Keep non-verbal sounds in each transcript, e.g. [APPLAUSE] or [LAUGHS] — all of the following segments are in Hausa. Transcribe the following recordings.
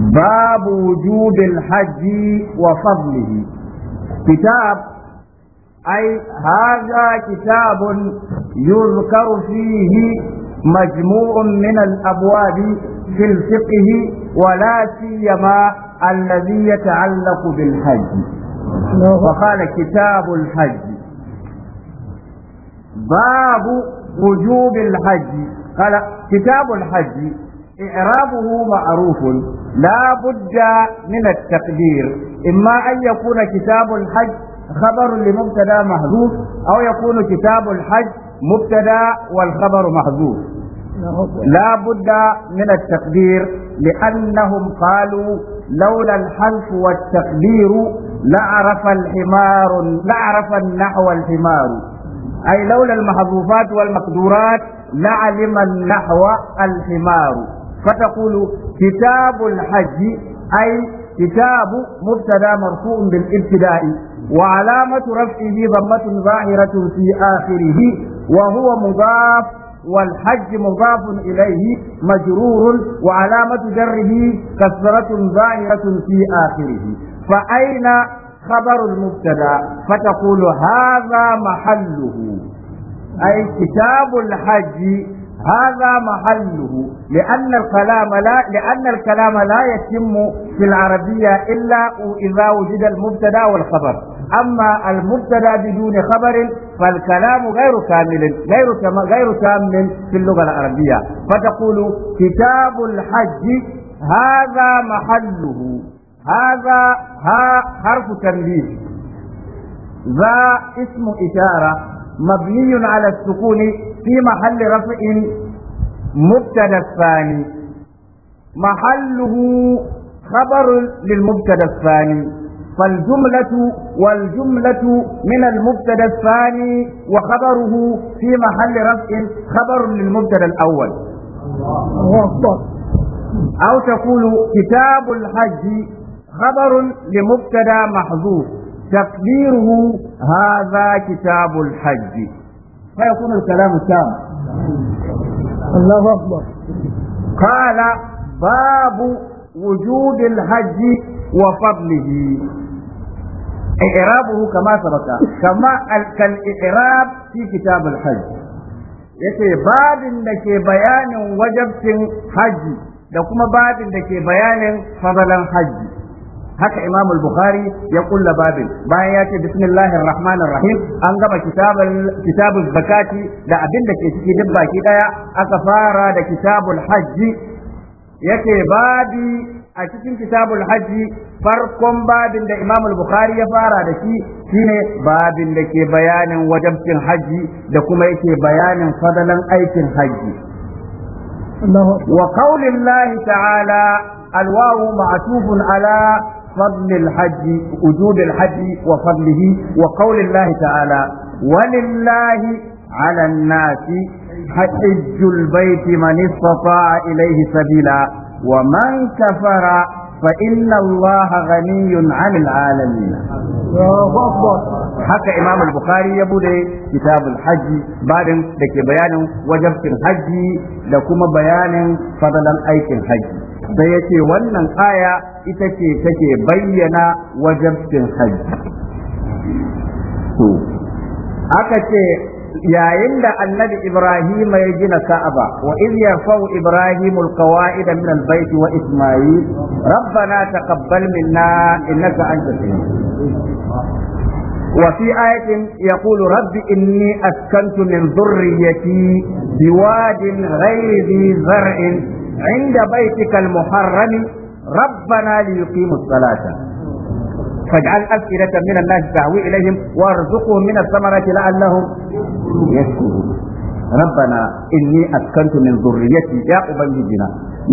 باب وجوب الحج وفضله كتاب أي هذا كتاب يذكر فيه مجموع من الأبواب في الفقه ولا سيما الذي يتعلق بالحج وقال كتاب الحج باب وجوب الحج قال كتاب الحج إعرابه معروف لا بد من التقدير إما أن يكون كتاب الحج خبر لمبتدا محذوف أو يكون كتاب الحج مبتدا والخبر محذوف لا بد من التقدير لأنهم قالوا لولا الحذف والتقدير لعرف الحمار لعرف النحو الحمار أي لولا المحذوفات والمقدورات لعلم النحو الحمار فتقول كتاب الحج أي كتاب مبتدا مرفوع بالابتداء وعلامة رفعه ضمة ظاهرة في آخره وهو مضاف والحج مضاف إليه مجرور وعلامة جره كسرة ظاهرة في آخره فأين خبر المبتدا فتقول هذا محله أي كتاب الحج هذا محله لأن الكلام لا لأن الكلام لا يتم في العربية إلا إذا وجد المبتدأ والخبر أما المبتدأ بدون خبر فالكلام غير كامل غير غير كامل في اللغة العربية فتقول كتاب الحج هذا محله هذا ها حرف تنبيه ذا اسم إشارة مبني على السكون في محل رفع مبتدا الثاني محله خبر للمبتدا الثاني فالجملة والجملة من المبتدا الثاني وخبره في محل رفع خبر للمبتدا الأول أو تقول كتاب الحج خبر لمبتدا محظوظ تقديره هذا كتاب الحج فيكون الكلام التام الله أكبر قال باب وجود الحج وفضله إعرابه كما سبق كما كالإعراب في كتاب الحج yace babin da ke bayanin wajabcin haji da kuma babin da ke bayanin fadalan haji haka Imam al-Bukhari ya kulla babin bayan ya ce bismillahir rahmanir rahim an gama kitabul kitabuz zakati da abin da ke ciki duk baki daya aka fara da kitabul hajji yake babi a cikin kitabul hajji farkon babin da Imam al-Bukhari ya fara da shi shine babin da ke bayanin wajabcin hajji da kuma yake bayanin fadalan aikin hajji وقول الله تعالى الواو معطوف على فضل الحج وجود الحج وفضله وقول الله تعالى ولله على الناس حج البيت من استطاع إليه سبيلا ومن كفر fa inna allaha ghaniyun 'anil 'alamin haka imam bukhari ya bude kitabul hajji babin da ke bayanin wajabcin hajji da kuma bayanin fadalan aikin hajji sai yace wannan aya ita ce take bayyana wajabcin hajji aka ce yayin da annabi Ibrahim ya gina Ka'aba wa iz yarfa'u Ibrahim alqawaid min albayt wa Isma'il rabbana taqabbal minna innaka antas وفي آية يقول رب إني أسكنت من ذريتي بواد غير ذي زرع عند بيتك المحرم ربنا ليقيموا الصلاة فاجعل أفئدة من الناس تهوي إليهم وارزقهم من الثمرات لعلهم يشكرون ربنا إني أسكنت من ذريتي يا أبنجينا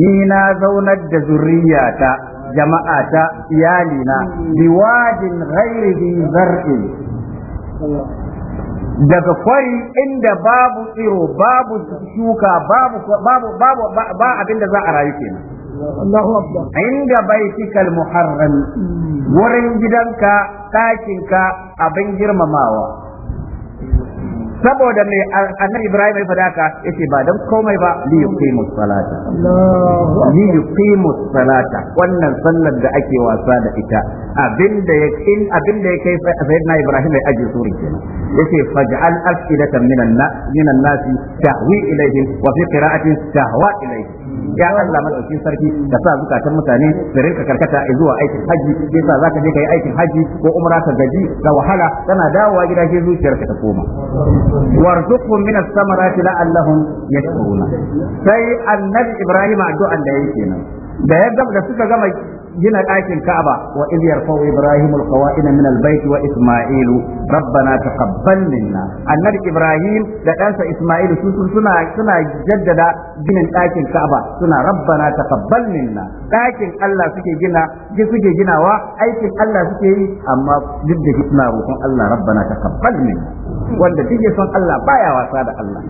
نينا زونت ذريتا جماعة إيالنا بواد غير ذي زرع daga kwari inda babu tsiro babu shuka babu babu babu ba abin da za a rayu kenan inda baitikal muharram hmm. wurin gidanka ɗakinka abin girmamawa saboda mai annabi Ibrahim ya faɗa ka yace ba dan komai ba li yuqimu salata li yuqimu salata wannan sallar da ake wasa da ita abinda ya in abinda ya kai sayyidina Ibrahim ya aje suri kenan yace faj'al afidatan minan nas minan nas tahwi ilayhim wa fi qira'atin tahwa ilayhim ya Allah madaukin sarki da sa zukatan mutane su rinka karkata zuwa aikin haji sai sa zaka je kai aikin haji ko umra ka gaji da wahala kana dawowa gida ke zuciyarka ta koma warzuqhum min as-samarati la'allahum yashkuruna sai annabi Ibrahim addu'an da yake nan da ya da suka gama gina ɗakin Ka'aba wa idh yarfa'u Ibrahim al-qawa'ida min al-bayt wa Isma'ilu rabbana taqabbal minna annabi Ibrahim da ɗansa Isma'ilu su suna jaddada ginin ɗakin Ka'aba suna rabbana taqabbal minna ɗakin Allah suke ginawa aikin Allah suke yi amma duk da suna roƙon Allah rabbana taqabbal minna wanda duk son Allah baya wasa da Allah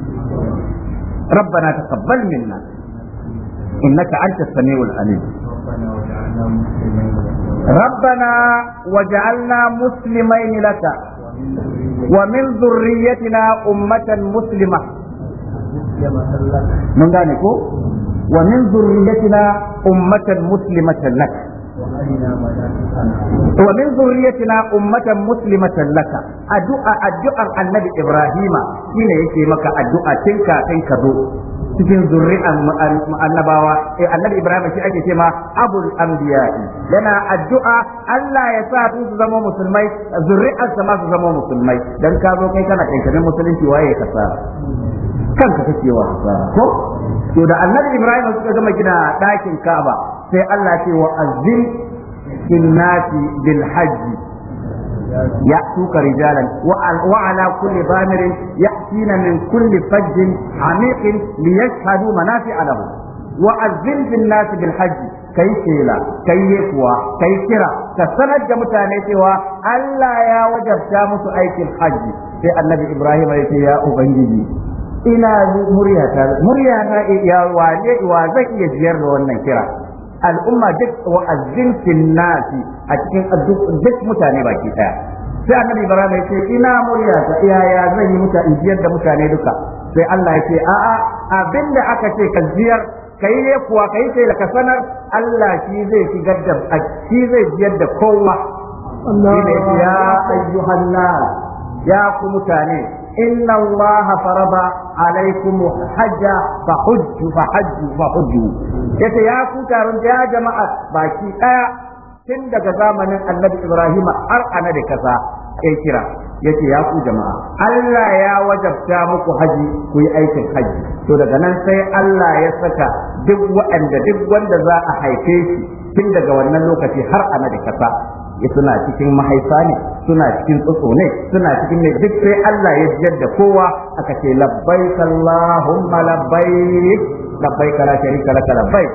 minna ربنا وجعلنا مسلمين لك ومن ذريتنا أمة مسلمة من ذلك ومن ذريتنا أمة مسلمة لك wa min zurriyatina ummatan muslimatan laka addu'a addu'an annabi ibrahima shine yake maka addu'a tun kafin ka zo cikin zuri'an annabawa eh annabi ibrahim shi ake cewa ma abul anbiya yana addu'a Allah ya sa su zama musulmai zuri'an sa su zama musulmai dan ka zo kai kana kana musulunci waye ka sa kanka kake wa ko to da annabi ibrahim suka zama gina dakin ka'aba sai Allah ce wa azim kinnati bil hajji ya tuka rijalan wa ala kulli bamirin yatina min kulli fajjin amiqin liyashhadu manafi'a lahum wa azim kinnati bil hajji kai shela kai yekuwa kai kira ka sanar da mutane cewa Allah ya wajabta musu aikin hajji sai annabi Ibrahim ya ce ya ubangiji ina muryata muryata ya wane wa zan iya jiyar da wannan kira al'umma duk wa'azzin nasi a cikin duk mutane baki daya sai annabi ibrahim ya ce ina murya ta iyaya zan yi mutane da mutane duka sai Allah ya ce a'a abinda aka ce ka ziyar kai ne kuwa kai sai ka sanar Allah shi zai shigar da shi zai jiyar da kowa Allah ya ayyuhan nas ya ku mutane إن الله فرض عليكم حج فحج فحج فحج yace ya ku taron ya jama'a baki daya tun daga zamanin annabi Ibrahim har ana da kasa ya kira yace ya ku jama'a Allah ya wajabta muku haji ku yi aikin haji to daga nan sai Allah ya saka duk waɗanda duk wanda za a haife shi tun daga wannan lokaci har ana da kasa suna cikin mahaifa ne suna cikin tsotso ne suna cikin ne duk sai Allah ya jiyar da kowa aka ce sallahumma Allahumma labbaik labbaik la sharika laka labbaik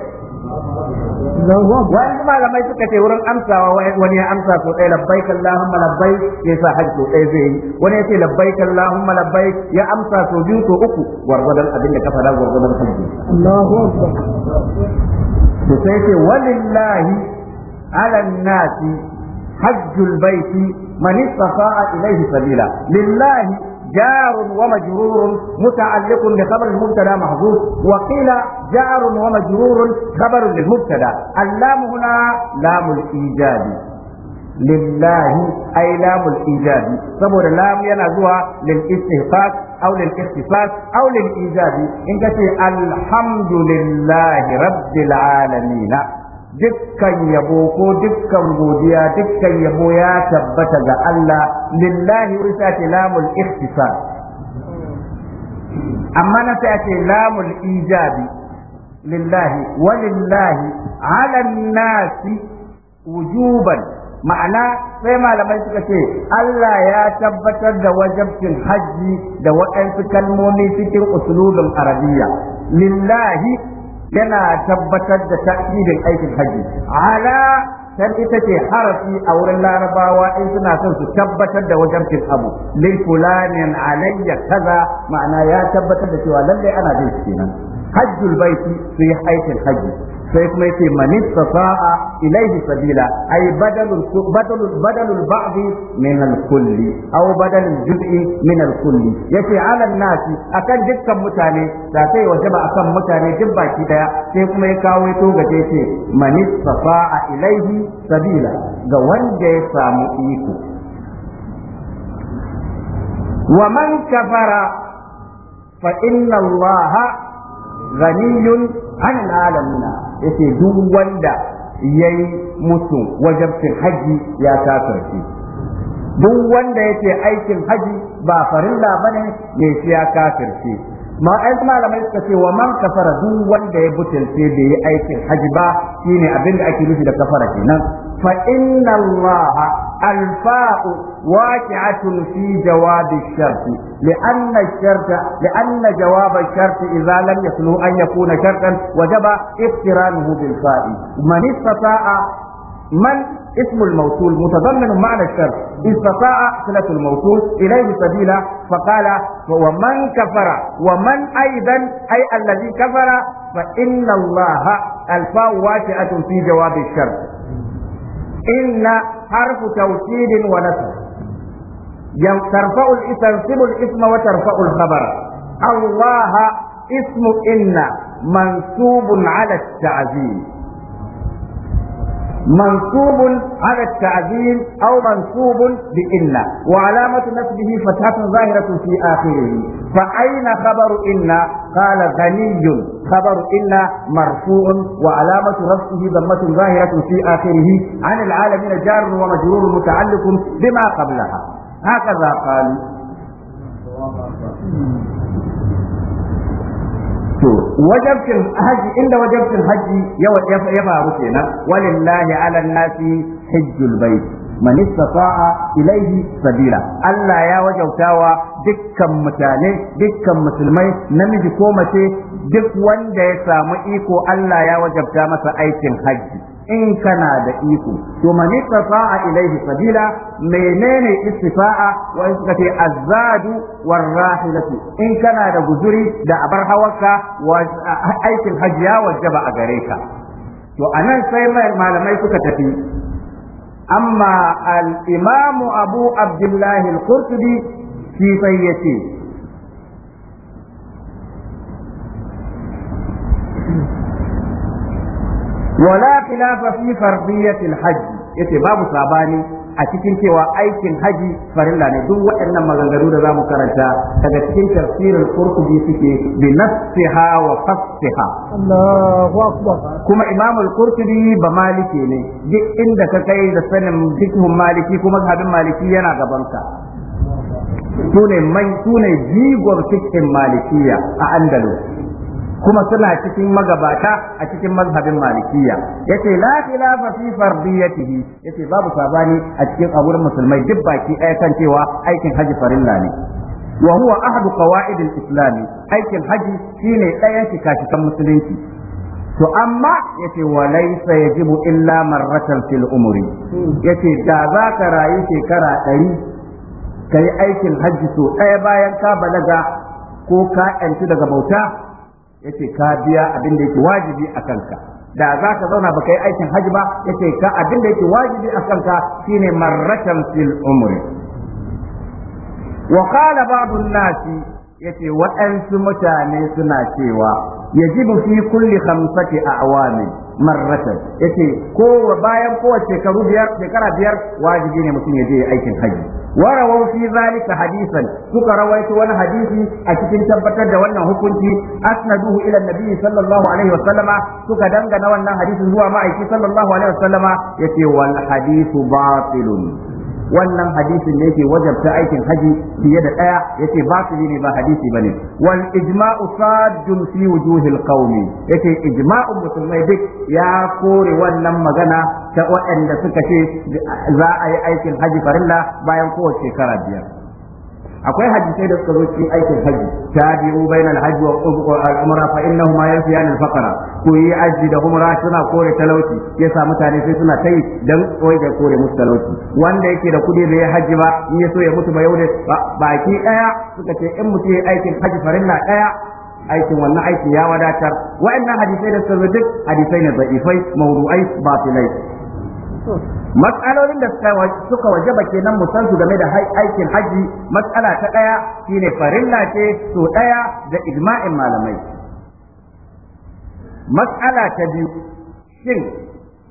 wani malamai suka ce wurin amsawa wani ya amsa so ɗaya labbaik sallahumma labbaik ya sa hajji so ɗaya zai yi wani ya ce labbaik sallahumma labbaik ya amsa so biyu so uku gwargwadon abin da ka faɗa gwargwadon hajji Allahu akbar to sai ce walillahi ala nasi حج البيت من استطاع إليه سبيلا لله جار ومجرور متعلق بخبر المبتدا محظوظ وقيل جار ومجرور خبر للمبتدا اللام هنا لام الإيجاب لله أي لام الإيجاب سبب اللام ينزوها للاستهفاف أو للاختصاص أو للإيجاب إن الحمد لله رب العالمين dukkan yabo ko dukkan godiya dukkan yabo ya tabbata ga Allah lillahi wisa ce lamul ikhtisa amma na sai ce lamul ijabi lillahi walillahi ala nasi wujuban ma'ana sai malamai suka ce Allah ya tabbatar da wajabcin hajji da waɗansu kalmomi cikin usulubin arabiya lillahi Yana tabbatar da tasirin aikin haji ala dan ita ce harafi a wurin larabawa in suna son su tabbatar da wajabcin abu lil fulanin alayya kaza ma'ana ya tabbatar da cewa lalle ana bin shi kenan hajjul baiti su yi aikin hajji sai kuma yace man istata'a ilayhi sabila ay badalul badalul badalul ba'd min al-kulli aw badalul juz'i min al-kulli yace ala nasi akan dukkan mutane da sai wajaba akan mutane duk baki daya sai kuma ya kawo ya toga yace man istata'a ilayhi sabila ga wanda ya samu iko wa man kafara fa inna allaha ghaniyun an alamina yace duk wanda yayi musu wajabcin haji ya kafirce duk wanda yake aikin haji ba farilla bane ne shi ya kafirce ma ai malamai suka ce wa man kafara duk wanda ya butulce da yi aikin haji ba shine abin da ake nufi da kafara kenan fa inna allaha الفاء واقعة في جواب الشرط لأن الشرط لأن جواب الشرط إذا لم يكن أن يكون شرطا وجب اقترانه بالفاء من استطاع من اسم الموصول متضمن معنى الشرط استطاع صلة الموصول إليه سبيلا فقال ومن كفر ومن أيضا أي الذي كفر فإن الله الفاء واسعة في جواب الشرط إن حرف توكيد ونسب ترفع تنصب الاسم وترفع الخبر الله اسم إن منسوب على التعزيز منصوب على التعديل أو منصوب بإن وعلامة نسبه فتحة ظاهرة في آخره فأين خبر إن قال غني خبر إن مرفوع وعلامة رفعه ضمة ظاهرة في آخره عن العالمين جار ومجرور متعلق بما قبلها هكذا قالوا to wajabcin haji inda wajabcin haji ya faru kenan walillahi ala nasi hajjul bait man istata'a ilayhi sabila Allah ya wajabtawa dukkan mutane dukkan musulmai namiji ko mace duk wanda ya samu iko Allah ya wajabta masa aikin haji in kana da iko to man a ilayhi sabila menene istifa'a wa in suka azadu warrahilatu in kana da guzuri da abar hawarka wa aikin hajiya wajaba a gare ka to anan sai malamai suka tafi amma al-imam abu abdullahi al-qurtubi shi sai yace wala khilafa fi fardiyatil hajj yace babu sabani a cikin cewa aikin haji farilla ne duk waɗannan maganganu da zamu karanta daga cikin tafsirin qurtubi suke bi nafsiha wa fasiha Allahu akbar kuma imam al-qurtubi ba maliki ne duk inda ka kai da sanin fiqhun maliki kuma habin maliki yana gaban ka sune mai sune jigon cikin malikiya a andalus kuma suna cikin magabata a cikin mazhabin malikiya yace la khilafa fi fardiyatihi yace babu sabani a cikin abur musulmai duk baki ɗaya kan cewa aikin haji farilla ne wa huwa ahadu qawaid al-islam aikin haji shine ɗayan shikashikan musulunci to amma yace wa laysa yajibu illa marratan fil umri yace da za ka rayu shekara ɗari kai aikin haji so ɗaya bayan ka balaga ko ka yanci daga bauta yace ka biya abin da yake wajibi a kanka da za ka zauna ba yi aikin hajji ba yace ka abin da yake wajibi a kanka shine marratan fil umri wa qala ba'd an-nasi yace waɗansu mutane suna cewa yajibu fi kulli khamsati awamin marratan yace ko bayan kowace shekaru biyar shekara biyar wajibi ne mutum ya je aikin haji warawau fi zalika hadisan suka rawaito wani hadisi a cikin tabbatar da wannan hukunci asnaduhu ila nabi sallallahu alaihi wasallama suka dangana wannan hadisin zuwa ma'aiki sallallahu alaihi wasallama yace wal hadisu batilun wannan hadisin ne yake wajabta aikin haji fiye da ɗaya yace ba su ne ba hadisi bane wal ijma'u saddun fi wujuhil qaumi yace ijma'u musulmai duk ya kore wannan magana ta waɗanda suka ce za a yi aikin haji farilla bayan kowace shekara biyar akwai hadisai da suka zo cikin aikin haji Ta biyu bainal haji wa umra fa ma yanfiyan al faqra ko yi aji da umra suna kore talauci yasa mutane sai suna tai dan koyi da kore musu talauci wanda yake da kudi bai haji ba in so ya mutu ba yau da baki daya suka ce in mutum aikin haji na daya aikin wannan aiki ya wadatar wa'annan hadisai da suka zo duk hadisai ne da'ifai mawdu'ai batilai matsalolin da suka wajaba kenan mu san su game da aikin haji matsala ta ɗaya shine farilla ce to ɗaya da ijma'in malamai matsala ta biyu shin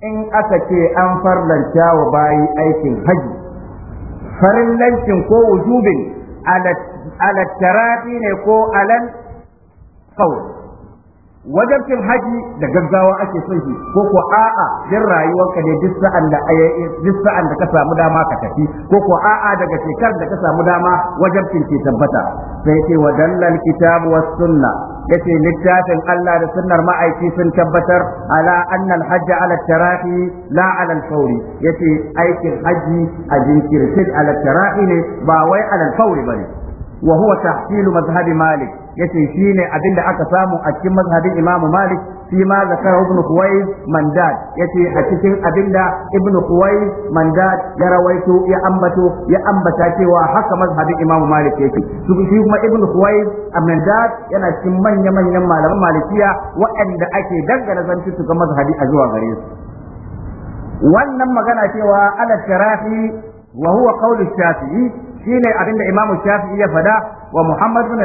in aka ce an farlanta wa bayi aikin haji farillancin ko wujubin ala tarafi ne ko alal qawl wajabcin haji da gaggawa ake son shi ko ko a'a din rayuwarka ne duk sa'an da duk sa'an da ka samu dama ka tafi ko ko a'a daga shekarar da ka samu dama wajabcin ke tabbata sai ce wa dallal kitabu was sunna yace littafin Allah da sunnar ma'aiki sun tabbatar ala anna al hajj ala tarahi la ala al fawri yace aikin haji a jinkirtin ala tarahi ne ba wai ala al fawri bane wa huwa tahsilu mazhabi malik yace shine abin da aka samu a cikin mazhabin Imam Malik shi ma zakara Ibn Khuwayz mandad yace a cikin abin da Ibn Khuwayz mandad ya rawaito ya ambato ya ambata cewa haka mazhabin Imam Malik yake su shi kuma Ibn Khuwayz mandad yana cikin manya-manyan malaman Malikiya waɗanda ake dangana zanci su ga mazhabi a zuwa gare su wannan magana cewa ala sharafi wa huwa qawlu shafi'i shine abinda imamu shafi'i ya fada wa Muhammad bin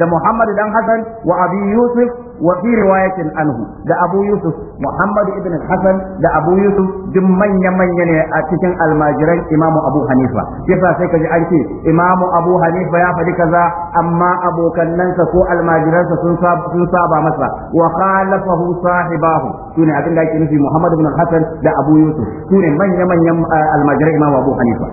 da Muhammad dan Hassan wa Abi Yusuf وفي رواية عنه دا أبو يوسف محمد ابن الحسن دا أبو يوسف دم من يمن يني أتكن الماجرين إمام أبو حنيفة يفا سيكا جعلتي إمام أبو حنيفة يا فدي كذا أما أبو كنن سكو الماجرين سنصاب سنصاب مسا وخالفه صاحباه سوني أتن دا في محمد بن الحسن دا أبو يوسف سوني من يمن يم الماجرين إمام أبو حنيفة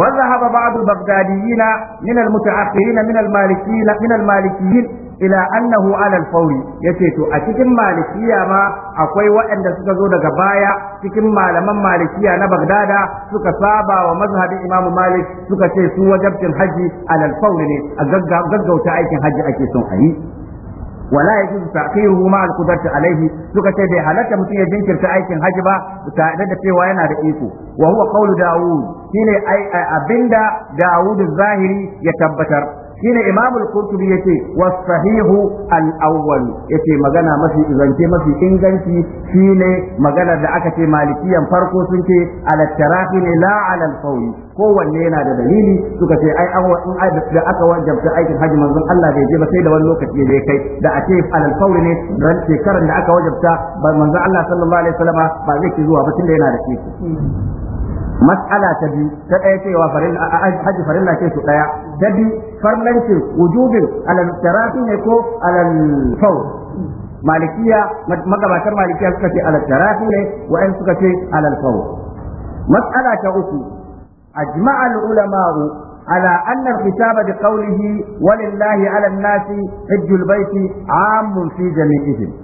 وذهب بعض البغداديين من المتأخرين من المالكيين من المالكيين ila annahu ala al-fawri yace to a cikin malikiya ma akwai waɗanda suka zo daga baya cikin malaman malikiya na Bagdada suka saba wa mazhabin imamu Malik suka ce su wajabtin haji ala al-fawri ne a gaggauta aikin haji ake son a yi ولا يجوز تأخيره ma القدرة alaihi suka ce bai halatta mutum ya jinkirta aikin haji ba tare da cewa yana da iko wa huwa qawlu daud shine abinda daud zahiri ya tabbatar shine Imam al-qurtubi yace was sahihu al-awwal yace magana mafi zance mafi inganci shine magana da aka ce malikiyan farko sun ce ala tarahi ne la ala al-qawl kowanne yana da dalili suka ce ai an in da aka wajabta aikin haji manzon Allah bai je ba sai da wani lokaci ne kai da a ce ala al-qawl ne ran shekaran da aka wajabta manzon Allah sallallahu alaihi wasallama ba zai ki zuwa ba tunda yana da shi mas'ala ta biyu ta ɗaya cewa hajji farilla ce su ɗaya ta biyu farlancin wujubin alal tarafi ne ko alal fau? malikiya magabatar malikiya suka ce alal tarafi ne wa'an suka ce alal fau? mas'ala ta uku أجمع العلماء على أن الختاب بقوله ولله على الناس حج البيت عام في جميعهم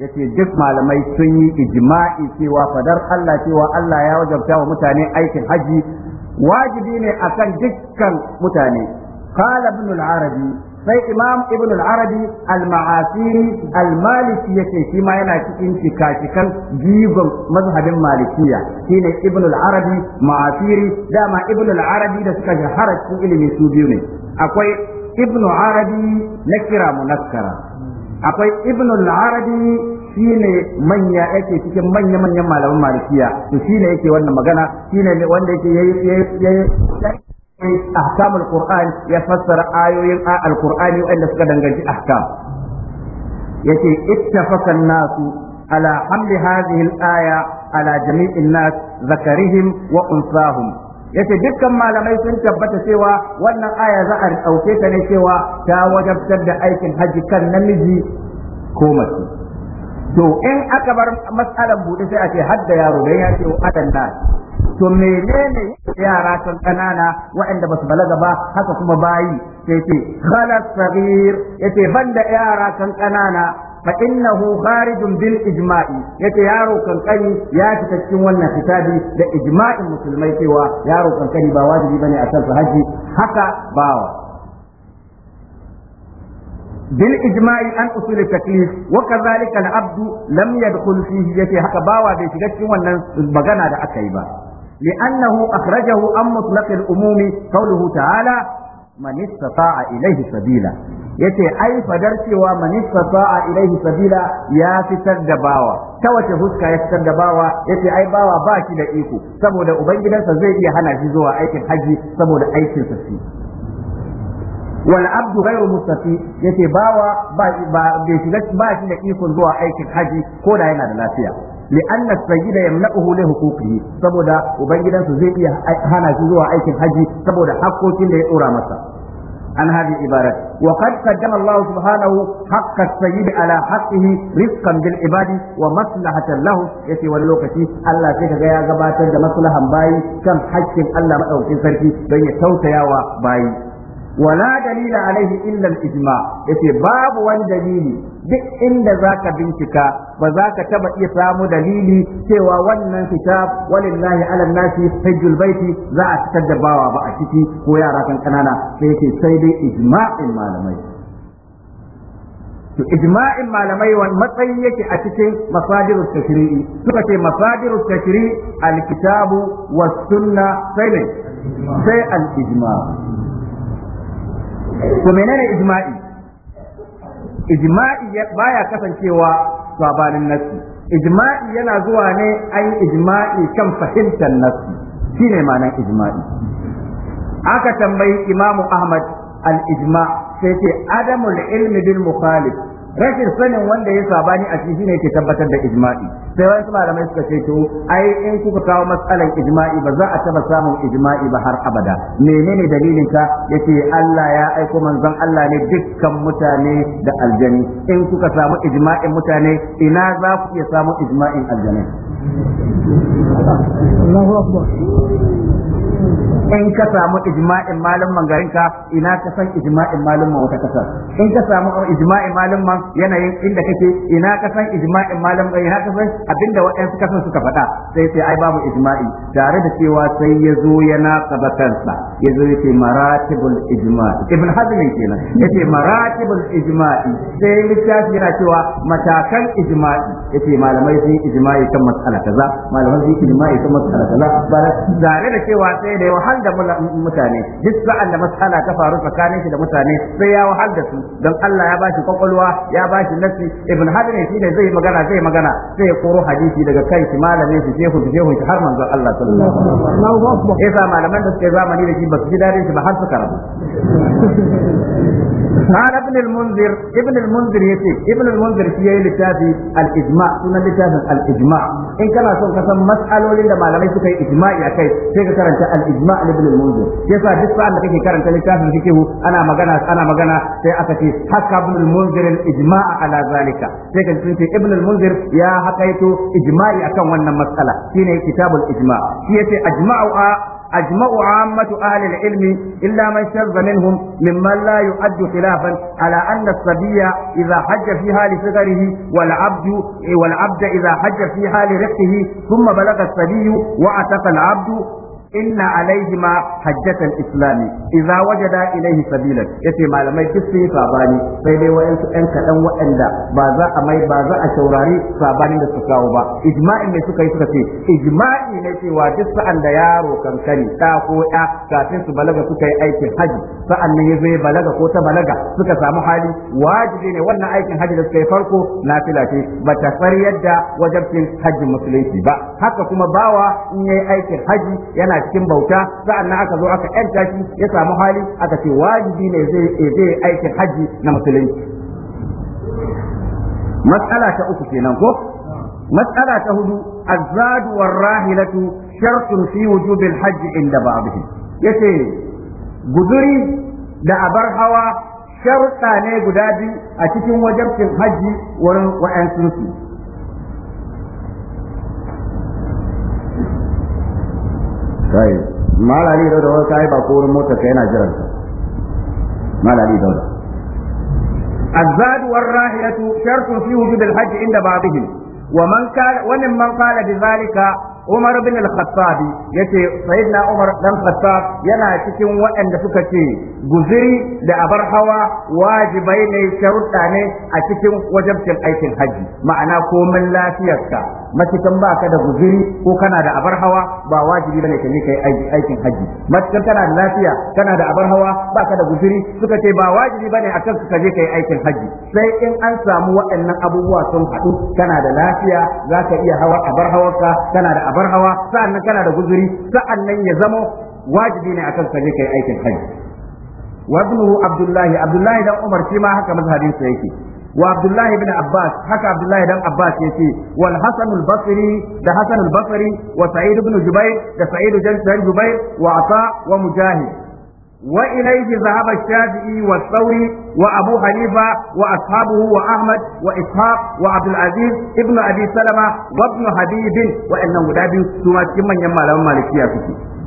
yace duk malamai sun yi ijma'i cewa fadar Allah cewa Allah ya wajabta wa mutane aikin haji wajibi ne akan dukkan mutane qala ibn al-arabi sai imam ibn al-arabi al-ma'asiri al-maliki yace shi ma yana cikin cikakikan jigon mazhabin malikiya shine ibn al-arabi ma'asiri dama ibn al-arabi da suka shahara cikin ilimi su biyu ne akwai ibn arabi nakira munakkara akwai ibn al-arabi shine manya yake cikin manya manyan malaman malikiya to shine yake wannan magana shine ne wanda yake yayi yayi ahkam al-qur'an ya fassara ayoyin al-qur'ani wanda suka danganci ahkam yake ittafaqa an-nasu ala hamli hadhihi al-aya ala jami'in nas zakarihim wa unsahum yace dukkan malamai sun tabbata cewa wannan aya za a ɗauke ta ne cewa ta wajabtar da aikin haji kan namiji ko mace to in aka bar matsalar buɗe sai a ce hadda yaro da ya ce adanda to menene yara sun kanana waɗanda basu balaga ba haka kuma bayi sai ce khalas sagir yace banda yara sun kanana fa innahu kharijun bil ijma'i yace yaro kankani ya fita cikin wannan kitabi da ijma'in musulmai cewa yaro kankani ba wajibi bane a san haji haka bawa bil ijma'i an usul taklif wa kadhalika al abd lam yadkhul yace haka bawa bai shiga cikin wannan magana da aka yi ba لأنه أخرجه عن مطلق الأموم قوله تعالى من a إليه Sabila. yace ai fadar cewa man a ilaihi sabila ya fitar da bawa ta wace huska ya fitar da bawa yace ai bawa ba shi da iko saboda ubangidansa zai iya hana shi zuwa aikin haji saboda aikin sa shi wal abdu ghayru mustafi yace bawa ba ba shi da iko zuwa aikin haji ko da yana da lafiya saboda ubangidansa zai iya hana shi zuwa aikin haji saboda hakkokin da ya dora masa. عن هذه العبارة وقد قدم الله سبحانه حق السيد على حقه رفقا بالعباد ومصلحة له يتي واللوكتي الله سيكا غيا غباتا مصلحة باي كم حق الله مأوكي سركي بين توتيا وباي wala dalila alaihi illa al-ijma yace babu wani dalili duk inda zaka bincika ba za ka taba iya samu dalili cewa wannan kitab walillahi ala nasi hajjul baiti za a fitar da bawa ba a ciki ko yara kan kanana sai yace sai dai ijma'in malamai to ijma'in malamai wani matsayi yake a cikin masadirus tashri'i suka ce masadirus tashri' alkitabu was sunna sai sai al-ijma' to menene ijma'i ijma'i baya kasancewa sabanin nasi ijma'i yana zuwa ne an ijma'i kan fahimtar nassi shine ma'anar ijma'i aka tambayi imamu ahmad al-ijma sai ce adamul ilmi bil mukhalif rashin sanin wanda ya sabani a shi shine ke tabbatar da ijma'i sai wasu malamai suka ce to ai in kuka kawo matsalar ijma'i ba za a taba samun ijma'i ba har abada menene dalilin ka yace Allah ya aiko manzon Allah ne dukkan mutane da aljani in kuka samu ijma'in mutane ina za ku iya samu ijma'in aljani in ka samu ijma'in malaman ka ina ka san ijma'in malaman wata kasar in ka samu ijma'in malaman yanayin inda kake ina ka san ijma'in malaman ina ka san abinda waɗansu kasan suka faɗa sai sai ai babu ijma'i tare da cewa sai ya zo yana naƙaba ya zo yace maratibul ijma'i ibn hazmi kenan yace maratibul ijma'i sai littafi yana cewa matakan ijma'i yace malamai sun ijma'i kan mas'ala kaza malamai sun ijma'i kan mas'ala kaza ba tare da cewa sai da wahal da mutane duk sa'an da mas'ala ta faru tsakanin shi da mutane sai ya wahal da su don Allah ya bashi kwakwalwa ya bashi nafsi ibn hajar shi ne zai magana zai magana sai ya koro hadisi daga kai shi malamai shi shehu shehu har manzon Allah sallallahu alaihi wasallam yasa malaman da suke zamani da shi ba su ji dadin shi ba har suka rabu قال ابن المنذر ابن المنذر يتي ابن المنذر في الكتاب الاجماع ijma sunan littafin al ijma in kana son ka san mas'alolin da malamai suka yi ijma'i akai sai ka karanta al ijma na ibn al-munzir yasa duk sa'an da kake karanta littafin fiqh ana magana ana magana sai aka ce hakka ibn al-munzir al ijma ala zalika sai ka ce ibn al-munzir ya hakaito ijma'i akan wannan mas'ala shine kitabul ijma shi yace ajma'u أجمع عامة أهل العلم إلا من شذ منهم ممن لا يؤد خلافا على أن الصبي إذا حج في حال صغره والعبد والعبد إذا حج في حال رقه ثم بلغ الصبي وعتق العبد inna alaihima hajjakan islami idza wajada ilaihi sabilan yace malamai duk sun yi sabani sai dai wayansu ɗan kaɗan waɗanda ba za'a mai ba za a saurari sabanin da suka kawo ba ijma'in ne suka yi suka ce ijma'i ne cewa duk sa'anda da yaro kankani ta ko ya kafin su balaga suka yi aikin haji sa'an ne zai balaga ko ta balaga suka samu hali wajibi ne wannan aikin haji da suka yi farko na filace ba ta far yadda wajabcin hajjin musulunci ba haka kuma bawa in ya yi aikin haji yana cikin bauta sa'annan aka zo aka yanta shi ya samu hali aka ce wajibi ne zai eh, zai aikin haji na musulunci mas'ala ta uku kenan ko mas'ala ta hudu azzad war rahilatu shartun fi wujub al hajj inda ba'dihim yace guduri da abar hawa sharuɗa ne guda biyu a cikin wajabcin hajji wurin wa'ansu kai malali da da kai ba ko wurin mota kai yana jiran malali da الزاد والراحلة شرط في وجود الحج عند بعضهم ومن قال ومن قال بذلك Umar bin al-Khattab yace sayyidina Umar dan Khattab yana cikin waɗanda suka ce guziri da abar hawa wajibai ne sharuɗa ne a cikin wajibcin aikin haji ma'ana komin lafiyarta. matukan ba ka da guziri ko kana da abar hawa ba wajibi bane ka je kai aikin haji matukan kana da lafiya kana da abar hawa ba ka da guziri suka ce ba wajibi bane akan ka je kai aikin haji sai in an samu waɗannan abubuwa sun haɗu kana da lafiya za ka iya hawa abar hawarka kana da abar hawa sa'annan kana da guziri sa'annan ya zamo wajibi ne akan ka je kai aikin haji wa ibnuhu abdullahi abdullahi dan umar shi ma haka mazhabin sa yake wa abdullahi ibn abbas haka abdullahi dan abbas yace ce, hasan al basri da hasan al basri wa Sa'idu Bnu jubair da sa'id ibn jubair wa ata wa mujahid وإليه ذهب الشافعي والثوري وأبو حنيفة وأصحابه وأحمد وإسحاق وعبد العزيز ابن أبي سلمة وابن حبيب وإنه دابي ثم كما يما لهم مالكية فيه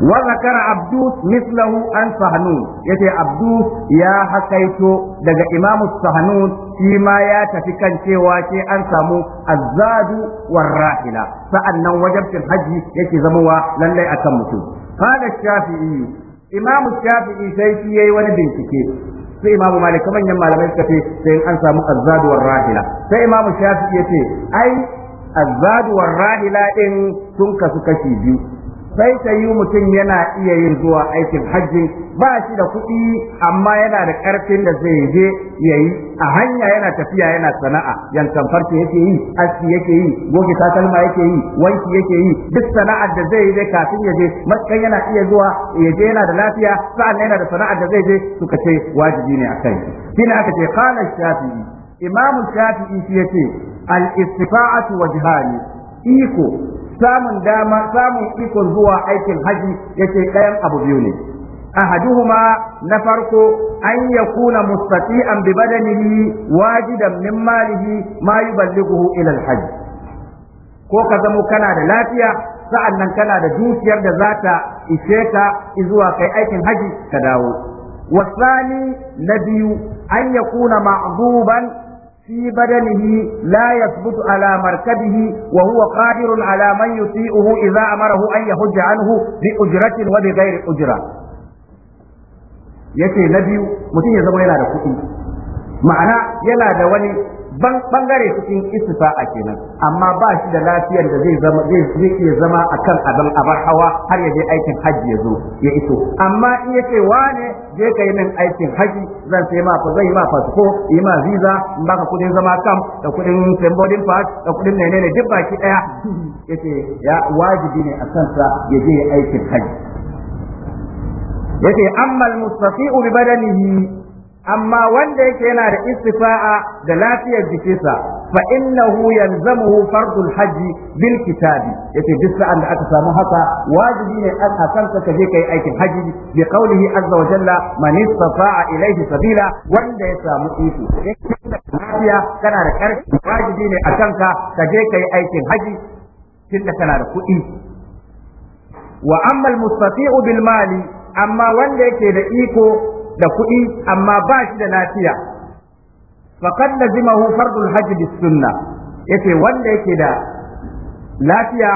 wa zakara abdus mislahu an sahnun yace abdus ya hakaito daga imam sahnun shi ma ya tafi kan cewa ce an samu azzadu warrahila sa'annan wajibcin haji yake wa lallai akan mutum qala shafi'i imam shafi'i sai shi yayi wani bincike sai imamu malik manyan malamai suka ce sai an samu azzadu rahila. sai imamu shafi'i yace ai azzadu rahila in sun kasu kashi biyu sai ta yi mutum yana iya yin zuwa aikin hajji ba shi da kuɗi amma yana da ƙarfin da zai je ya yi a hanya yana tafiya yana sana'a yankan farce yake yi aski yake yi goge takalma yake yi wanki yake yi duk sana'ar da zai je kafin ya je matsayin yana iya zuwa ya je yana da lafiya sa'an yana da sana'ar da zai je suka ce wajibi ne a kai shine aka ce qala shafi'i imamu shafi'i shi yace al-istifa'atu wajhani iko samun dama samun iko zuwa aikin haji yake ɗayan abu biyu ne ahaduhuma na farko an yakuna mustati'an bi badanihi wajidan min malihi ma yuballighuhu ila haji. ko ka zamo kana da lafiya sa'an nan kana da dukiyar da za ta ishe ka zuwa kai aikin haji ka dawo wasani na biyu an yakuna ma'zuban في بدنه لا يثبت على مركبه وهو قادر على من يطيعه إذا أمره أن يهج عنه بأجرة وبغير أجرة يكي نبي متي mutum ya zama معناه يلا kuɗi bangare cikin a kenan amma ba shi da lafiyar da zai zama zai zama akan abin abar hawa har ya je aikin haji ya zo ya iso amma in yake ce wane je kai min aikin haji zan sai ma fa zai ma fasfo yi ma visa in baka kudin zama kam da kudin boarding pass da kudin ne, duk baki daya [LAUGHS] yace ya wajibi ne akan sa ya je aikin haji yace amma al-mustafi'u bi badanihi amma wanda yake yana da istifa'a da lafiyar jikinsa fa innahu yanzamuhu fardul hajji bil kitabi yace duk sa'an da aka samu haka wajibi ne a kanka ka je kai aikin haji bi qawlihi azza wa jalla man istata'a ilayhi sabila wanda ya samu iko lafiya kana da karfi wajibi ne akanka ka je kai aikin haji tunda kana da kuɗi wa amma al mustati'u bil mali amma wanda yake da iko da kuɗi amma ba shi da lafiya faqad lazimahu fardul hajj bis sunna yace wanda yake da lafiya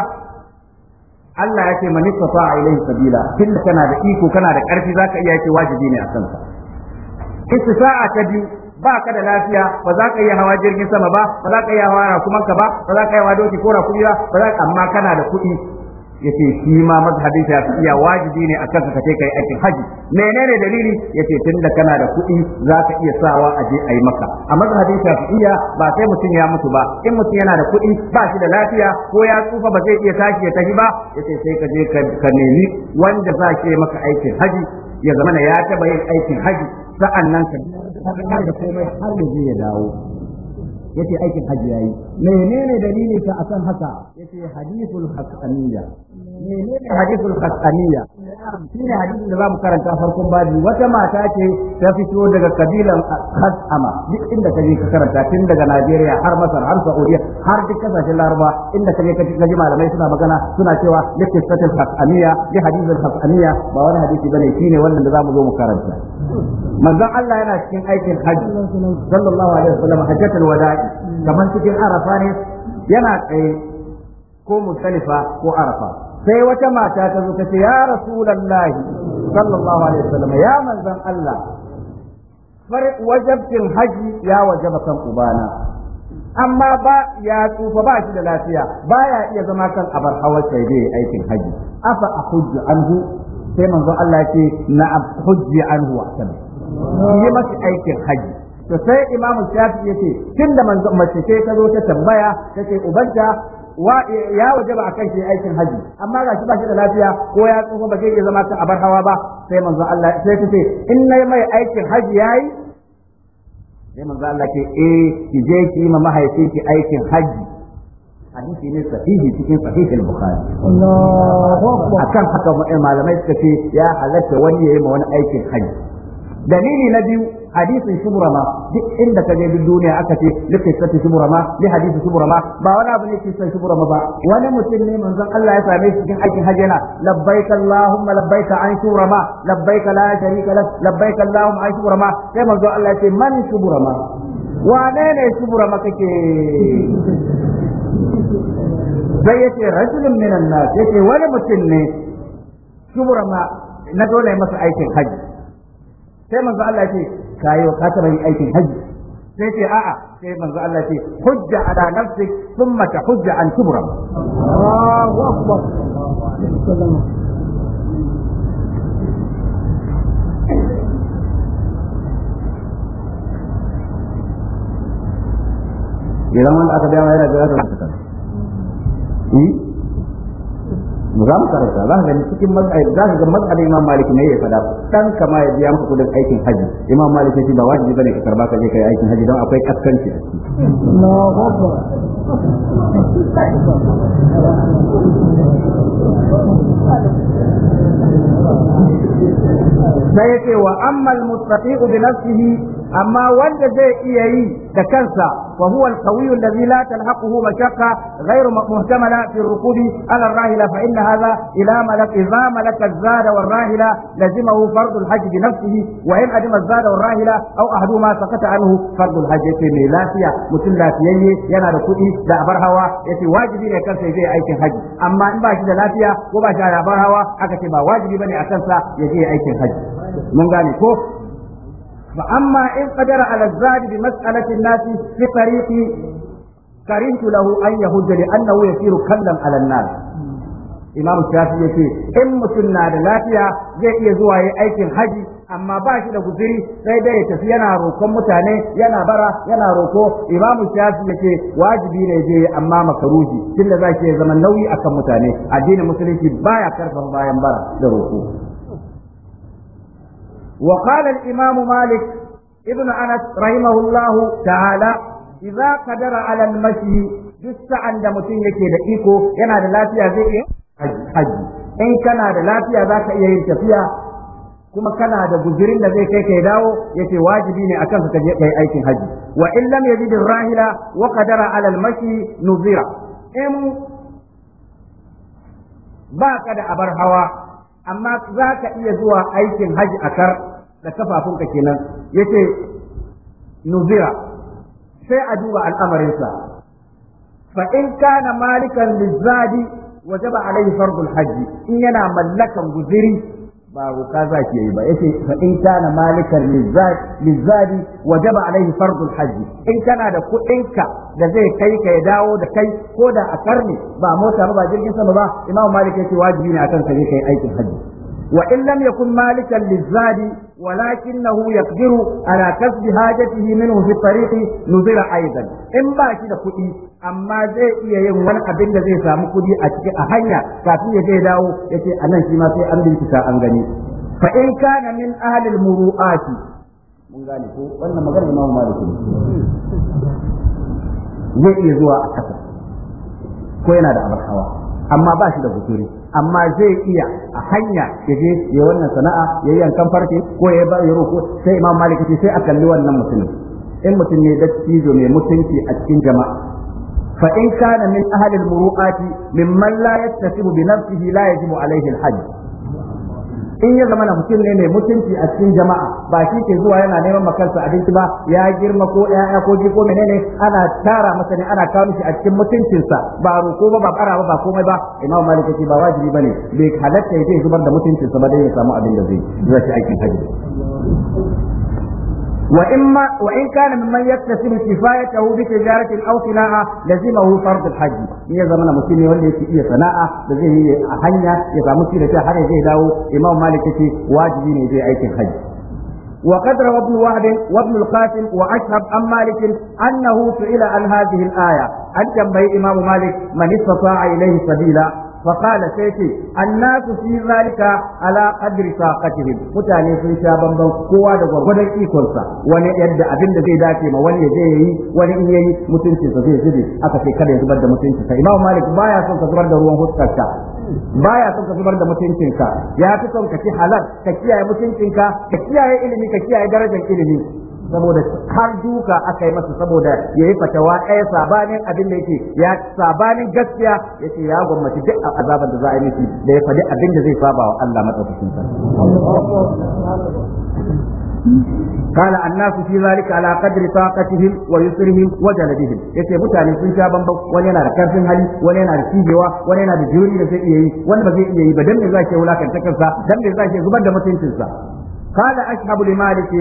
Allah yake man istata'a ilayhi sabila kin kana da iko kana da ƙarfi zaka iya yake wajibi ne a kansa sa'a ta biyu ba ka da lafiya ba za ka iya hawa jirgin sama ba ba za ka iya hawa ka ba ba za ka iya hawa doki ko rakumi ba ba za amma kana da kuɗi yace shi ma mazhabin iya wajibi ne akan ka kai kai aikin haji menene dalili yace tunda kana da kuɗi ka iya sawa a je ayi maka a mazhabin iya ba sai mutum ya mutu ba in mutum yana da kuɗi ba shi da lafiya ko ya tsufa ba zai iya tashi ya tafi ba yace sai ka je ka nemi wanda za ke maka aikin haji ya zamana ya taba yin aikin haji sa'annan ka da komai har da zai dawo yace aikin haji yayi menene dalili ka akan haka yace hadithul hasaniyya menene hadisul khasaniya shine hadisin da zamu karanta farkon babi wata mata ce ta fito daga kabilan khasama duk inda kaje ka karanta tun daga Najeriya har Masar har Saudiya har duk kasashen Laraba inda kaje ka ji malamai suna magana suna cewa likisatul khasaniya bi hadisul khasaniya ba wani hadisi bane shine wannan da zamu zo mu karanta manzon Allah yana cikin aikin hajji sallallahu alaihi wasallam hajjatul wada'i kamar cikin arafa ne yana tsaye ko musalifa ko arafa sai wata mata ta zo ta ce ya rasulullahi sallallahu alaihi wasallam ya manzon Allah wajabcin haji ya wajaba kan ubana amma ba ya tsufa ba shi da lafiya baya iya zama kan abar hawar sai dai aikin haji afa ahujju anhu sai manzon Allah ce na ahujji anhu wa yi masa aikin haji to sai imamu shafi yace tunda manzon mace ta zo ta tambaya tace ubanta ya waje ba a kan shi aikin haji amma ga shi ba shi da lafiya ko ya tsufa ba zai iya zama kan abar hawa ba sai manzo Allah sai ta ce in nayi mai aikin haji yayi sai manzo Allah ke eh ki je ki yi ma mahaifi ki aikin haji hadisi ne sahihi cikin sahihi al-bukhari Allahu akbar akan haka malamai suka ce ya halatta wani yayi ma wani aikin haji dalili na biyu hadisin shubura ma duk inda ka je duk duniya aka ce likai sati shubura ma li hadisi shubura ma ba wani abu ne ke san shubura ma ba wani mutum ne manzon Allah ya same shi cikin aikin hajji yana labbaika allahumma labbaika an shubura ma labbaika la sharika lak labbaika allahumma an shubura ma sai manzon Allah ya ce man shubura ma wane ne shubura ma kake sai ce rajulun minan nas ce wani mutum ne shubura ma na dole masa aikin hajji sai manzo Allah ya ce yi wa ka yi aikin haji sai ce a'a sai manzo Allah ce hujja ala nafsi thumma hujja an kubra Allahu akbar idan wanda aka biya yana da ya ta za mu karanta za ka gani cikin matsayi eh, za ka ga matsayi imam malik ne ya fada dan kama ya biya muku kudin aikin haji imam malik ya ce ba wajibi bane ka karba ka je kai aikin haji don akwai kaskanci na ciki sai ya ce wa al mustaqiu bi nafsihi amma wanda zai iya yi da kansa wa huwa al-qawiyyu alladhi la talhaquhu mashaqqa ghayru muhtamala fi ar-rukub ala ar-rahila fa inna hadha ila malak idha az-zad wa ar-rahila lazimahu fardu al-hajj bi nafsihi wa in adima az-zad wa ar-rahila aw ahaduhuma saqata anhu fardu al-hajj yace mai lafiya mutum lafiyayye yana da kuɗi da abar hawa yace wajibi ne kansa zai aikin haji amma in ba shi da lafiya ko ba shi da abar hawa aka ce ba wajibi bane a kansa ya je aikin haji mun gane ko فأما in قدر على الزاد بمسألة الناس في طريقي كرهت له أن يهج لأنه يسير كلا على الناس Imam Shafi ce in mutum na da lafiya zai iya zuwa yi aikin haji amma ba shi da guziri sai dai ya tafi yana rokon mutane yana bara yana roko. Imam Shafi ya ce wajibi ne je amma makaruji tunda zaki ya zama nauyi akan mutane addinin musulunci baya karfan bayan bara da roko. وقال الإمام مالك ابن أنس رحمه الله تعالى إذا قدر على المشي جس عند متين كيدئيكو ينادى لا فيها زي حج in kana da lafiya za ka iya yin tafiya kuma kana da guzurin da zai kai kai dawo ce wajibi ne akan ka je kai aikin haji wa in lam yajid rahila wa qadara ala nuzira in ba ka da abar hawa amma za ka iya zuwa aikin haji a kar da kafafunka kenan yace nuzira sai a duba al'amarinsa fa in kana malikan lizadi wajaba alaihi fardul haji in yana mallakan guziri ba wuka za ki yi ba yace fa in kana malikan lizadi wajaba alaihi fardul hajj in kana da kuɗinka da zai kai ka ya dawo da kai ko da a karni ba mota ba ba jirgin sama ba imam malik yace wajibi ne akan ka je kai aikin hajji wa in lam yakun malikan lizadi walakinahu yaqdiru ala kasbi hajatihi minhu fi tariqi nuzira aidan in ba shi da kuɗi amma zai iya yin wani abin da zai samu kuɗi a cikin a hanya kafin ya je dawo yace anan shi ma sai an bincika an gani fa in kana min ahli muruati mun gane ko wannan magana Imam Malik zai iya zuwa a ƙasa ko yana da abar hawa amma ba shi da guzuri amma zai iya a hanya ya je ya wannan sana'a ya yi yankan farce ko ya ba ya roko sai imam malik sai a kalli wannan mutumin in mutum ne dattijo mai mutunci a cikin jama'a fa in kana min ahli al-muru'ati mimman la yattasibu bi nafsihi la yajibu alaihi al-hajj in ya zama na mutum ne mai mutunci a cikin jama'a ba shi ke zuwa yana neman makarsa abinci ba ya girma ko yaya ko ji ko menene ana tara masa ne ana kawo shi a cikin mutuncinsa ba roko ba ba bara ba ba komai ba imam malik yake ba wajibi bane bai halatta ya zubar da mutuncinsa ba dai ya samu abin da zai zai aikin hajji وإما وإن كان ممن يكتسب كفايته بتجارة أو صناعة لزمه فرض الحج إن زمن مسلم يولي في صناعة بزيه أحنيا يسامو سيرة حر زي داو إمام مالك في واجبين زي أيك الحج وقد روى ابن وهب وابن القاسم وأشهب عن مالك أنه سئل عن هذه الآية أن تنبئ إمام مالك من استطاع إليه سبيلا فقال سيتي الناس في ذلك على قدر ساقتهم mutane sun sha bamban kowa da gwargwadon ikonsa wani yadda abin da zai dace ma wani ya je yayi wani in yayi mutuncinsa zai zube aka ce kada ya zubar da mutuncinsa imam malik baya son ka zubar da ruwan huskarka baya son ka zubar da mutuncinka ya fi son ka ci halar ka kiyaye mutuncinka ka kiyaye ilimi ka kiyaye darajar ilimi saboda har duka aka yi masa saboda ya yi fatawa ɗaya sabanin abin da yake ya sabanin gaskiya yake ya gwammaci duk azaban da za a yi miki da ya faɗi abin da zai saba wa Allah madaukakin sarki قال الناس في ذلك على قدر طاقتهم ويسرهم وجلدهم yace mutane sun sha bamban wani yana da karfin hali wani yana da cijewa wani yana da juri da zai iya yi wani ba zai iya yi ba dan me zai wulakanta kansa dan me zai zubar da mutuncinsa قال أشهب لمالك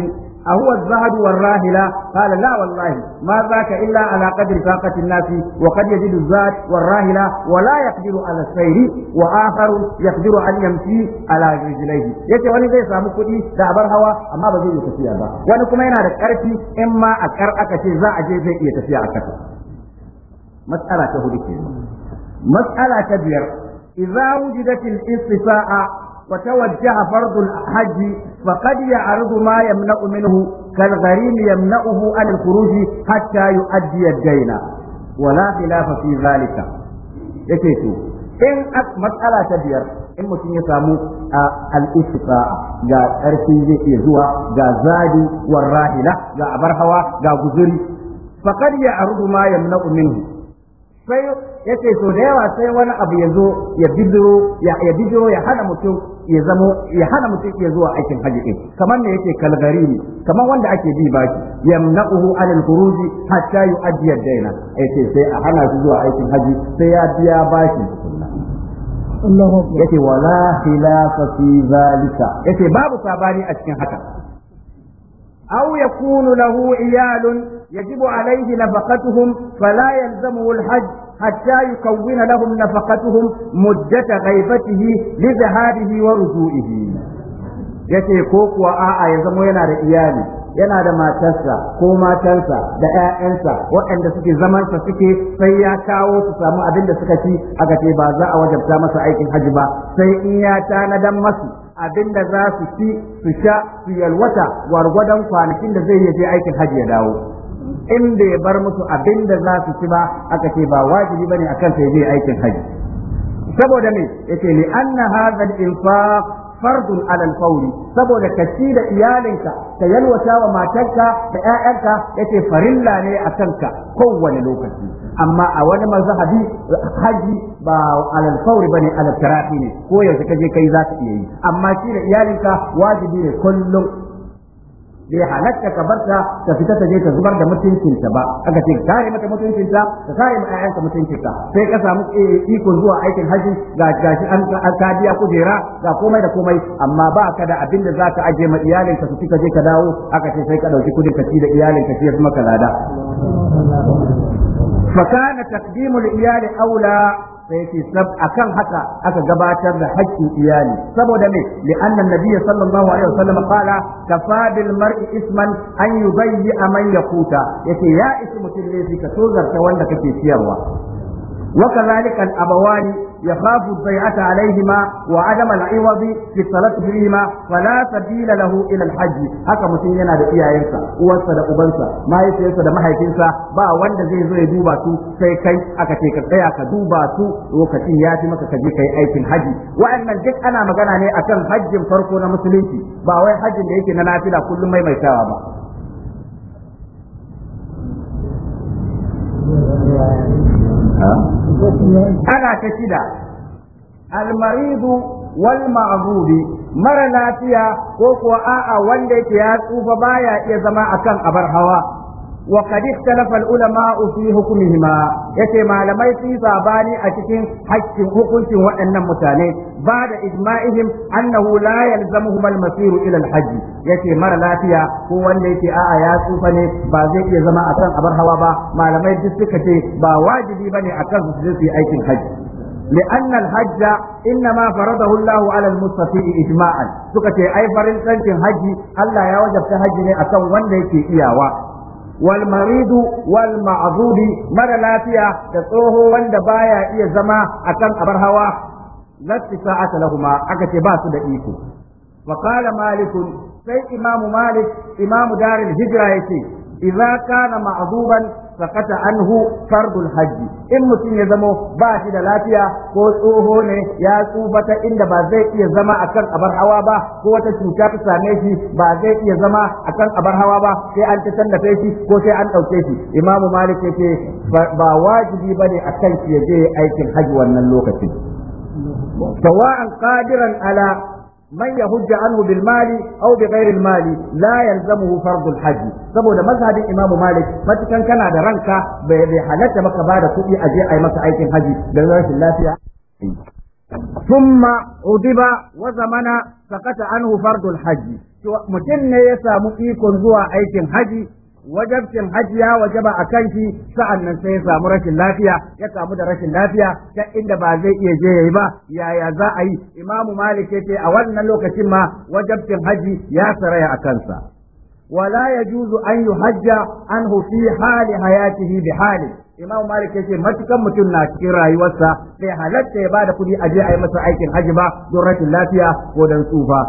أهو الزهد والراهلة قال لا والله ما ذاك إلا على قدر فاقة الناس وقد يجد الزاد والراهلة ولا يقدر على السير وآخر يقدر أن يمشي على رجليه يتي ولي زي سامو كدي دا أبر هوا أما بزي يتفيا با وانا كما ينا دكارتي إما أكار أكشي زا أجي زي يتفيا أكشي مسألة هدي مسألة كبيرة إذا وجدت الاستفاء وتوجه فرض الحج فقد يعرض ما يمنع منه كالغريم يمنعه عن الخروج حتى يؤدي الدين ولا خلاف في ذلك يكيتو إن مسألة تبير in mutum ya samu al'istika ga ƙarfi zai zuwa ga zadi war rahila ga abar hawa ga guzuri faqad ya yamna'u minhu sai yace so da yawa sai wani abu ya zo ya bidiro ya ya bidiro ya hana mutum ya zamo ya hana mutum ya zuwa aikin haji din kamar ne yake kalgari ne, kamar wanda ake bi baki yamna'uhu alal khuruji hatta yu'addi ad-dayna yace sai a hana shi zuwa aikin haji sai ya biya baki yace wala khilafa fi zalika yace babu sabani a cikin haka aw yakunu lahu iyalun yajibu alayhi nafaqatuhum fala yalzamuhu al حتى يكون لهم نفقتهم مدة غيبته لذهابه ورجوعه Yake ko kuwa a'a ya zama yana da iyali yana da matarsa ko matarsa da 'ya'yansa waɗanda suke zamansa suke sai ya kawo su samu abin da suka ci a ce ba za a wajabta masa aikin hajji ba sai in ya tanadan masu abin da za su ci su sha su yalwata gwargwadon kwanakin da zai je aikin hajji ya dawo in ya bar musu abin da za su ci ba aka ce ba wajibi bane akan sai je aikin haji saboda me yace li anna hadha al-infaq fardun ala al-fawr saboda ka ci da iyalinka ka yalwata wa matarka da ƴaƴanka yace farilla ne akan ka kowane lokaci amma a wani mazhabi haji ba ala al-fawr bane ala tarafi ne ko yanzu kaje kai za ka iya yi amma shi da iyalinka wajibi ne kullum bai halatta ka barta ka fita ta je ta zubar da mutuncinta ba aka ce kare mata mutuncinta ka kare ma ayyanka mutuncinta sai ka samu eh, iko zuwa aikin haji ga gashi an ka biya kujera ga komai da komai amma ba ka da abin da zaka aje ma iyalin ka su ka je ka dawo aka ce sai ka dauki kudin ka ci da iyalin ka ci ya maka lada kana taqdimul iyali aula sai ce sab akan haka aka gabatar da haƙƙin iyali saboda me li anna nabiyyi sallallahu alaihi wasallam qala kafa bil mar'i isman an yubayyi man yakuta yake ya ismu tilli ka tozarta wanda kake ciyarwa وكذلك الأبوان يخاف الضيعة عليهما وعدم العوض في الصلاة فيهما فلا سبيل له إلى الحج haka mutum yana da iyayensa uwansa da ubansa mahaifiyarsa da mahaifinsa ba wanda zai zo ya duba su sai kai aka ce ka tsaya ka duba su lokacin ya fi maka kaje kai aikin haji wa'annan duk ana magana ne a kan hajjin farko na musulunci ba wai hajjin da yake na nafila kullum maimaitawa ba ana ta shida almaridu wal ma'budi mara lafiya ko kuwa a'a wanda yake ya tsufa baya iya zama akan abar hawa وقد اختلف العلماء في حكمهما ce malamai sun bani a cikin hakkin hukuncin waɗannan mutane ba da ijma'ihim annahu la yalzamuhum al-masir ila al-hajj yace mara lafiya ko wanda yake a'a ya tsufa ne ba zai iya zama a kan abar hawa ba malamai duk suka ce ba wajibi bane akan su su yi aikin hajji لأن الحج إنما فرضه الله على المستطيع إجماعا سكت أي فرنسان حج ألا يوجب تهجني أكون wanda في إياوا wal maridu wal ma'zudi mara lafiya da tsoho wanda baya iya zama a akan abar hawa latti sa'ata lahuma aka ce ba su da iko wa qala malik sai imamu malik imamu darul hijra yace idza kana ma'zuban sakata anhu fardul hajji in mutum ya zamo ba shi da lafiya ko tsoho ne ya tsufa ta inda ba zai iya zama akan abar hawa ba ko wata cuta ta same shi ba zai iya zama akan abar hawa ba sai an ta tallafe shi ko sai an ɗauke shi imamu malik yake ba wajibi bane akan shi ya je aikin hajji wannan lokacin sawa'an qadiran ala man yahujja anhu bil mali aw bi ghairi mali la yalzamuhu fardul hajj saboda mazhabin imamu malik matukan kana da ranka bai halarta maka ba da kuɗi a je a yi maka aikin haji da rashin lafiya summa ثم عذب وزمن سقط عنه فرض الحج mutum ne ya samu ikon zuwa aikin haji wajabcin hajji ya wajaba a kan shi nan sai ya samu rashin lafiya ya kamu da rashin lafiya ta inda ba zai iya je yayi ba yaya za a yi imamu malik yace a wannan lokacin ma wajabcin hajji ya saraya a kansa wala yajuzu an yuhajja anhu fi hali hayatihi bi hali Imam Malik yace matukan mutum na cikin rayuwarsa sai halatta ya bada kuɗi a je a yi masa aikin haji ba don rashin lafiya ko dan tsufa.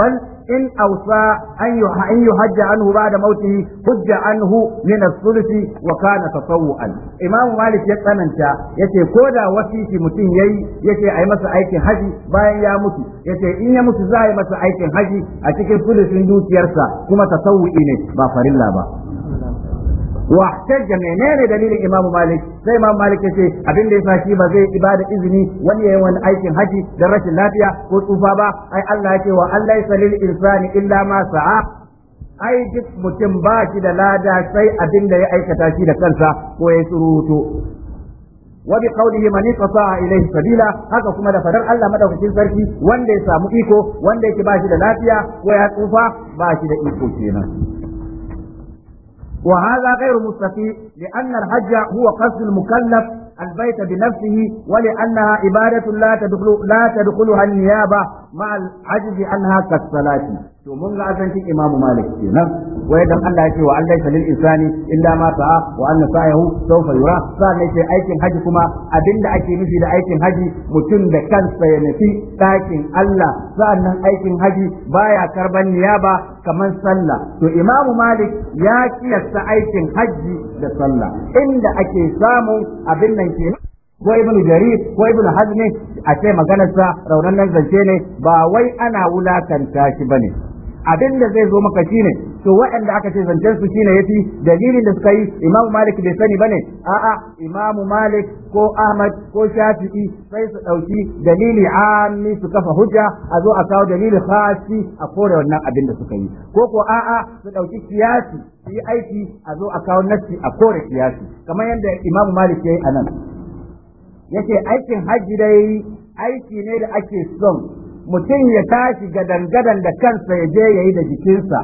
Bal in ausa an an yuhajja ba da mautihi hujja anhu min na sulusi wa kana tatawwu'an. Imam Malik ya tsananta yace ko da wasiki mutum yayi yace a yi masa aikin haji bayan ya mutu yace in ya mutu za a yi masa aikin haji a cikin sulusin dukiyarsa kuma tatawwu'i ne ba farilla ba. wa hajja menene dalilin imamu malik sai imamu malik ya ce abin da ya shi ba zai ibada izini wani yayin wani aikin haji da rashin lafiya ko tsufa ba ai Allah ya ce wa Allah yasalil insani illa ma sa'a ai duk mutum ba shi da lada sai abin da ya aikata shi da kansa ko ya surutu qawlihi man استطاع ilayhi sabila haka kuma da fadar Allah madaukakin sarki wanda ya samu iko wanda yake ba shi da lafiya ko ya tsufa ba shi da iko kenan وهذا غير مستفيد لأن الحج هو قصد المكلف البيت بنفسه ولأنها عبادة لا تدخل لا تدخلها النيابة مع العجز عنها كالصلاة to mun ga azancin imamu Malik kenan wai dan Allah ya ce wa Allah salil insani illa ma sa'a wa anna sa'ahu sawfa yura sai ce aikin haji kuma abinda ake nufi da aikin haji mutum da kansa ya nufi ɗakin Allah sa'annan aikin haji baya karban niyaba kamar sallah to Imam Malik ya kiyasta aikin haji da sallah inda ake samun abin nan kenan ko ibnu jarir ko ibnu hazm a ce maganarsa raunannan zance ne ba wai ana wulakanta shi bane abin da zai zo maka shine to waɗanda aka ce zancen su shine yafi dalilin da suka yi imamu malik bai sani bane a'a imamu malik ko ahmad ko shafi'i sai su ɗauki dalili ammi su kafa hujja a zo a kawo dalili khasi a kore wannan abin da suka yi ko ko a'a su ɗauki kiyasi su yi aiki a zo a kawo nassi a kore kiyasi kamar yadda imamu malik ya yayi anan yace aikin hajji dai aiki ne da ake son mutum ya tashi gadan-gadan da kansa ya je ya yi da jikinsa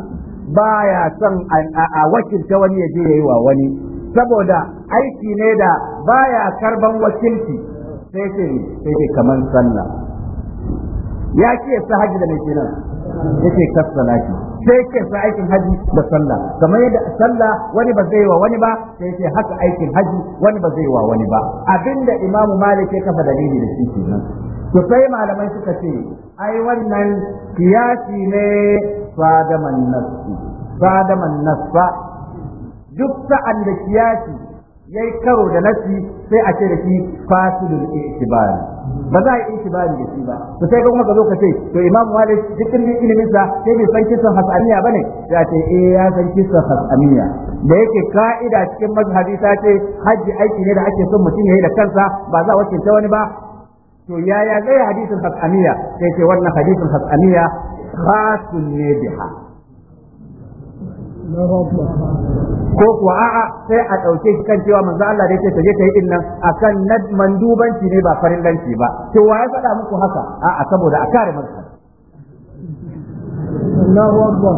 ba ya son a wakilta wani ya je ya yi wa wani saboda aiki ne da ba ya karban wakilci sai ce sai ce kamar sallah ya ce sa haji da mai kenan ce kassala shi sai ke sa aikin haji da sallah kamar yadda sallah wani ba zai wa wani ba sai ce haka aikin haji wani ba zai wa wani ba abinda imamu malik ya kafa dalili da shi kenan to sai malamai suka ce ai wannan kiyasi ne fadaman nafsi fadaman nafsa duk sa'an da kiyasi yayi karo da nafsi sai a ce da shi fasilul i'tibari ba za a yi itibari da shi ba to sai kuma ka zo ka ce to imam walid dukkan ilimin sa sai bai san kisan hasaniya bane ya ce eh ya san kisan hasaniya da yake ka'ida cikin mazhabi ta ce haji aiki ne da ake son mutum ya yi da kansa ba za a wakilta wani ba to yaya zai hadisin hasaniya sai ce wannan hadisin hasaniya khasun ne biha ko kuwa a'a sai a ɗauke shi kan cewa manzo Allah da yake ta je ta yi dinnan akan nad mandubanci ne ba farin farillanci ba to wa ya faɗa muku haka a'a saboda a kare mu Allahu akbar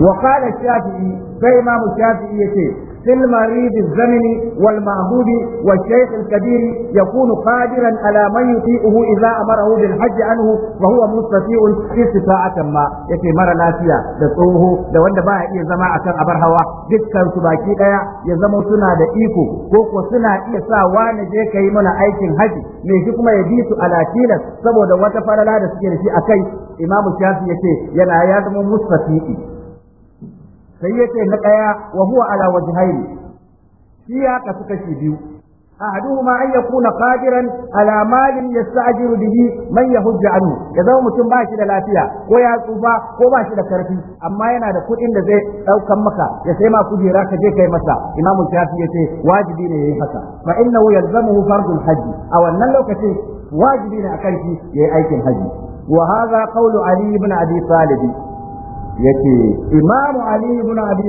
wa qala shafi'i sai imamu shafi'i yace في المريض الزمن والمعهود والشيخ الكبير يكون قادرا على من يطيعه إذا أمره بالحج عنه وهو مستطيع استطاعة ما يكي مرة لافية دسوه da wanda ba iya zama akan abar hawa dukkan su baki ɗaya ya zama suna da iko ko ko suna iya sa wani je yi mana aikin haji me shi kuma ya bi su ala saboda wata farala da suke da shi akai imamu shafi ce yana ya zama mustati'i sai ya ce na ɗaya wa huwa ala wajhaini shi ya kasu kashi biyu ahaduhuma an yakuna qadiran ala malin yasta'jiru bihi man yahujja anhu ya zama mutum ba shi da lafiya ko ya tsufa ko ba shi da karfi amma yana da kuɗin da zai ɗaukan maka ya sai ma kujera ka je kai masa imamu shafi yace wajibi ne yayi haka fa innahu yalzamuhu fardul hajji a wannan lokacin wajibi ne akan shi yayi aikin haji wa hadha qawlu ali ibn abi talib yace imamu ali ibn abi